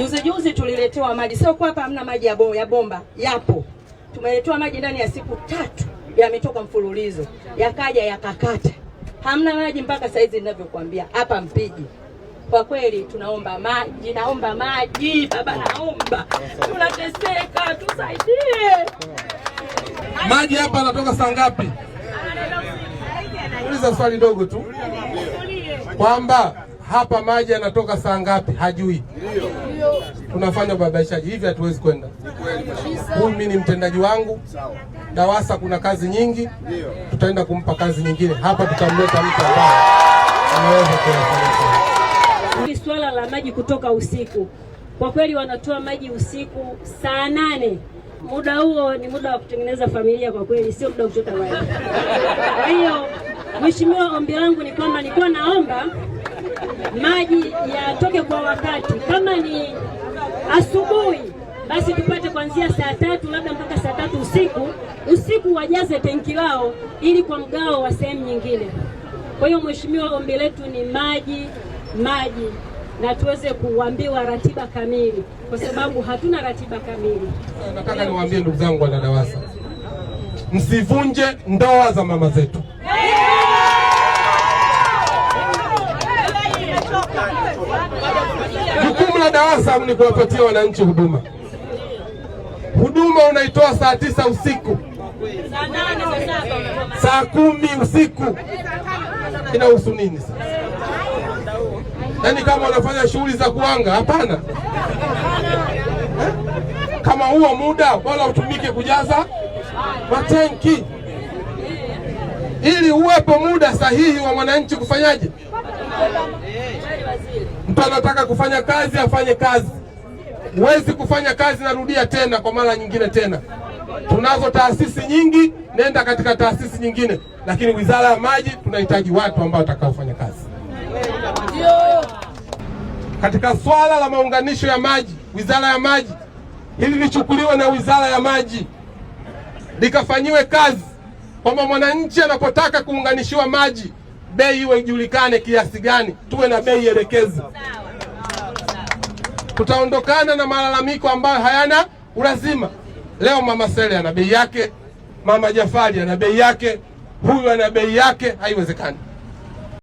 Juzi juzi tuliletewa maji, sio kwa hapa hamna maji ya bomba, yapo. Tumeletewa maji ndani ya siku tatu, yametoka mfululizo, yakaja yakakata, hamna maji mpaka saizi ninavyokuambia hapa Mpiji. Kwa kweli tunaomba maji, naomba maji baba, naomba, tunateseka, tusaidie maji. Hapa anatoka saa ngapi? Uliza swali dogo tu kwamba hapa maji yanatoka saa ngapi hajui. Tunafanya ubabaishaji hivi, hatuwezi kwenda. Huyu mimi ni mtendaji wangu DAWASA, kuna kazi nyingi, tutaenda kumpa kazi nyingine. Hapa tutamleta mtu ambaye anaweza kuyafanya. Swala la maji kutoka usiku, kwa kweli wanatoa maji usiku saa nane muda huo ni muda wa kutengeneza familia, kwa kweli sio muda wa kuchota maji. Kwa hiyo, mheshimiwa, ombi langu ni kwamba nilikuwa naomba maji yatoke kwa wakati. Kama ni asubuhi, basi tupate kuanzia saa tatu labda mpaka saa tatu usiku, usiku wajaze tenki lao ili kwa mgao wa sehemu nyingine. Kwa hiyo, mheshimiwa, ombi letu ni maji, maji na tuweze kuambiwa ratiba kamili, kwa sababu hatuna ratiba kamili. Nataka niwaambie ndugu zangu wana DAWASA, msivunje ndoa za mama zetu. cha ASAM ni kuwapatia wananchi huduma. Huduma unaitoa saa tisa usiku, saa kumi usiku, inahusu nini sasa? Yaani kama unafanya shughuli za kuanga, hapana eh? Kama huo muda wala utumike kujaza matenki, ili uwepo muda sahihi wa mwananchi kufanyaje mtu anataka kufanya kazi afanye kazi, huwezi kufanya kazi. Narudia tena kwa mara nyingine tena, tunazo taasisi nyingi, nenda katika taasisi nyingine, lakini wizara ya maji tunahitaji watu ambao watakaofanya kazi katika swala la maunganisho ya maji. Wizara ya maji hili lichukuliwe na wizara ya maji likafanyiwe kazi, kwamba mwananchi anapotaka kuunganishiwa maji bei iwe ijulikane kiasi gani, tuwe na bei elekezi. Tutaondokana na malalamiko ambayo hayana ulazima. Leo mama Sele ana bei yake, mama Jafari ana bei yake, huyu ana bei yake. Haiwezekani.